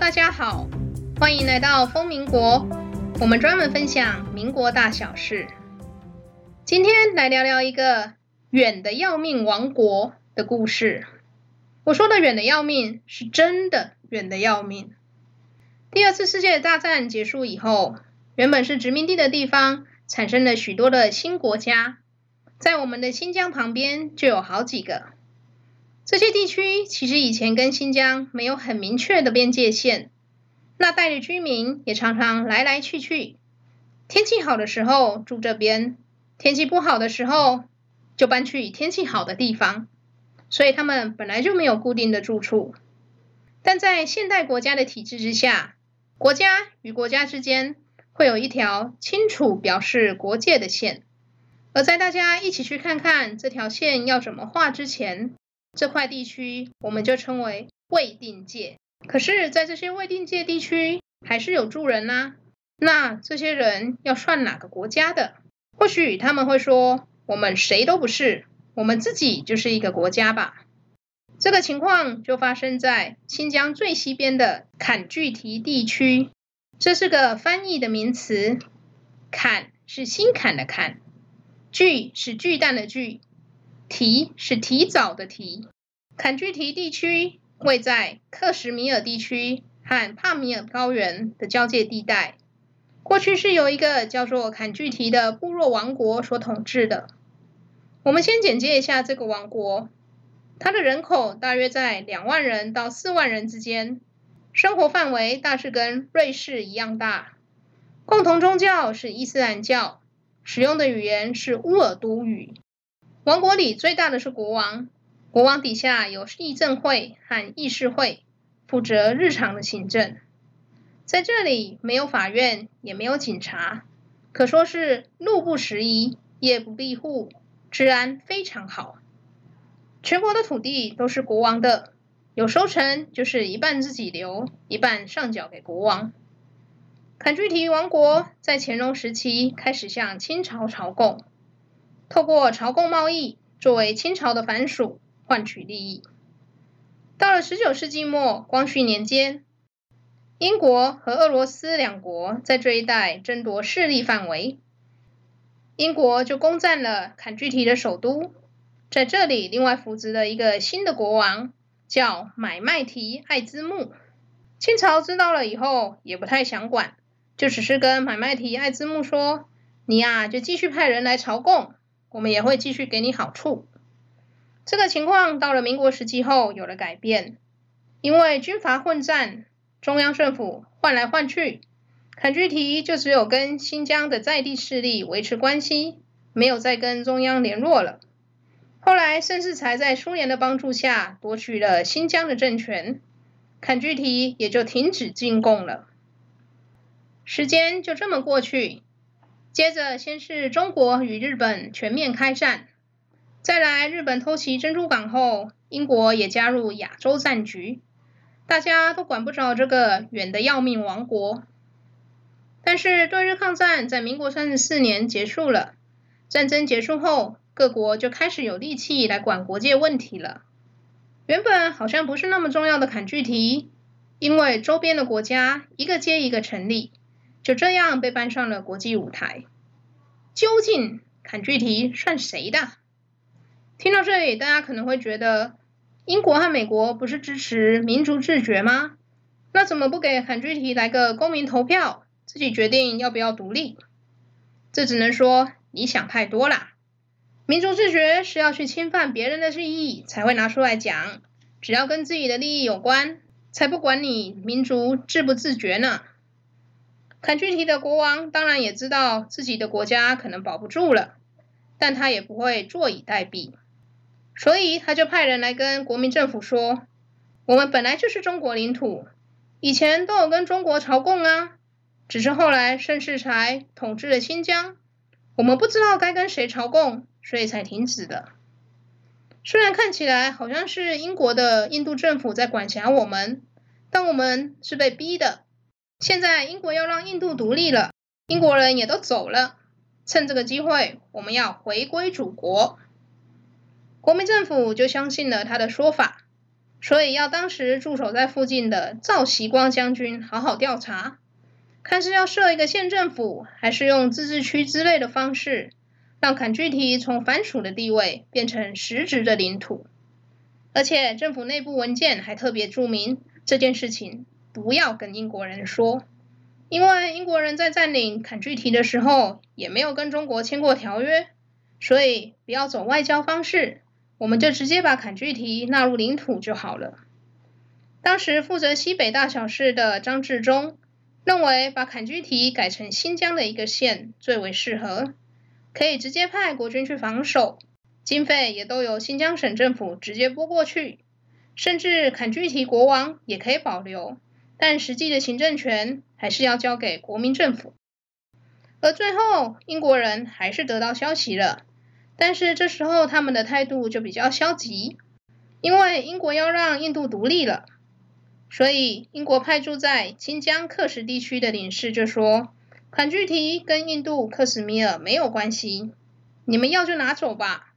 大家好，歡迎來到瘋民國，我們專門分享民國大小事。今天來聊聊一個遠的要命王國的故事。我說的遠的要命是真的遠的要命。第二次世界大戰結束以後，原本是殖民地的地方，產生了許多的新國家。在我們的新疆旁邊就有好幾個。這些地區其實以前跟新疆沒有很明確的邊界線，那帶的居民也常常來來去去，天氣好的時候住這邊，天氣不好的時候就搬去，天氣好的地方，所以他們本來就沒有固定的住處。但在現代國家的體制之下，國家與國家之間會有一條清楚表示國界的線，而在大家一起去看看這條線要怎麼畫之前，這塊地區我們就稱為未定界。可是，在這些未定界地區，還是有住人吶、啊。那這些人要算哪個國家的？或許他們會說：“我們誰都不是，我們自己就是一個國家吧。”這個情況就發生在新疆最西邊的坎巨提地區。這是個翻譯的名詞，“坎”是新坎的“坎”，“巨”是巨蛋的“巨”。提是提早的提，坎巨提地區位在克什米爾地區和帕米爾高原的交界地帶，過去是由一個叫做坎巨提的部落王國所統治的。我們先簡介一下這個王國，它的人口大約在兩萬人到四萬人之間，生活範圍大致跟瑞士一樣大。共同宗教是伊斯蘭教，使用的語言是烏爾都語。王國裡最大的是國王，國王底下有議政會和議事會，負責日常的行政。在這裡沒有法院，也沒有警察，可說是路不拾遺，夜不閉戶，治安非常好。全國的土地都是國王的，有收成就是一半自己留，一半上繳給國王。坎巨提王國在乾隆時期開始向清朝朝貢。透過朝貢貿易，作為清朝的藩屬換取利益。到了十九世紀末，光緒年間，英國和俄羅斯兩國在這一帶爭奪勢力範圍。英國就攻占了坎巨提的首都，在這裡另外扶植了一個新的國王，叫買賣提愛茲木。清朝知道了以後，也不太想管，就只是跟買賣提愛茲木說：“你呀、啊，就繼續派人來朝貢。”我們也會繼續給你好處。這個情況到了民國時期後有了改變，因為軍閥混戰，中央政府換來換去，坎巨提就只有跟新疆的在地勢力維持關係，沒有再跟中央聯絡了。後來盛世才在蘇聯的幫助下奪取了新疆的政權，坎巨提也就停止進貢了。時間就這麼過去。接着，先是中國與日本全面開戰，再來日本偷襲珍珠港後，英國也加入亞洲戰局，大家都管不着這個遠的要命王國。但是，對日抗戰在民國三十四年結束了。戰爭結束後，各國就開始有力氣來管國界問題了。原本好像不是那麼重要的坎巨提，因為周邊的國家一個接一個成立。就這樣被搬上了國際舞台，究竟坎巨提算誰的？聽到這裡，大家可能會覺得，英國和美國不是支持民族自決嗎？那怎麼不給坎巨提來個公民投票，自己決定要不要獨立？這只能說你想太多啦。民族自決是要去侵犯別人的利益才會拿出來講，只要跟自己的利益有關，才不管你民族自不自覺呢。坎巨提的國王當然也知道自己的國家可能保不住了，但他也不會坐以待斃，所以他就派人來跟國民政府說：“我們本來就是中國領土，以前都有跟中國朝貢啊，只是後來盛世才統治了新疆，我們不知道該跟誰朝貢，所以才停止的。雖然看起來好像是英國的印度政府在管轄我們，但我們是被逼的。”現在英國要讓印度獨立了，英國人也都走了，趁這個機會，我們要回歸祖國。國民政府就相信了他的說法，所以要當時駐守在附近的趙錫光將軍好好調查，看是要設一個縣政府，還是用自治區之類的方式，讓坎巨提從藩屬的地位變成實質的領土。而且政府內部文件還特別注明這件事情。不要跟英國人說，因為英國人在佔領坎巨提的時候也沒有跟中國簽過條約，所以不要走外交方式，我們就直接把坎巨提納入領土就好了。當時負責西北大小事的張治中認為，把坎巨提改成新疆的一個縣最為適合，可以直接派國軍去防守，經費也都由新疆省政府直接撥過去，甚至坎巨提國王也可以保留。但實際的行政權還是要交給國民政府，而最後英國人還是得到消息了，但是這時候他們的態度就比較消極，因為英國要讓印度獨立了，所以英國派駐在新疆喀什地區的領事就說：“坎巨提跟印度克什米爾沒有關係，你們要就拿走吧，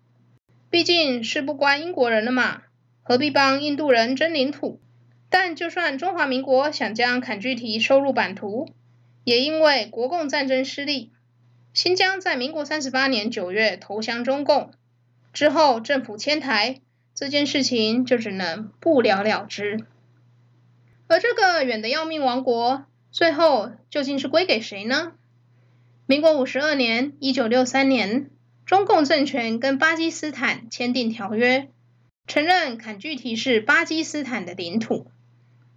畢竟是不關英國人的嘛，何必幫印度人爭領土？”但就算中華民國想將坎巨提收入版圖，也因為國共戰爭失利，新疆在民國三十八年九月投降中共之後，政府遷台，這件事情就只能不了了之。而這個遠的要命王國，最後究竟是歸給誰呢？民國五十二年（一九六三年），中共政權跟巴基斯坦簽訂條約，承認坎巨提是巴基斯坦的領土。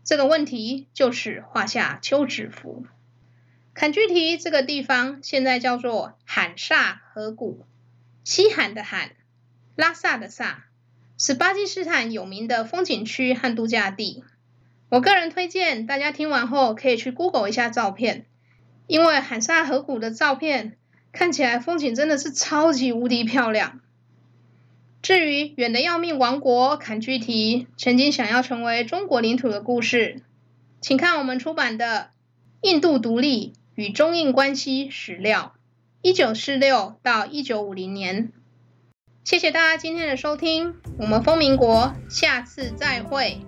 這個問題就是畫下休止符，坎巨提這個地方現在叫做罕薩河谷，西罕的罕，拉薩的薩，是巴基斯坦有名的風景區和度假地。我個人推薦大家聽完後可以去 Google 一下照片，因為罕薩河谷的照片看起來風景真的是超級無敵漂亮。至於遠的要命王國坎巨提曾經想要成為中國領土的故事，請看我們出版的《印度獨立與中印關係史料 （1946-1950 年）》。謝謝大家今天的收聽，我們風民國下次再會。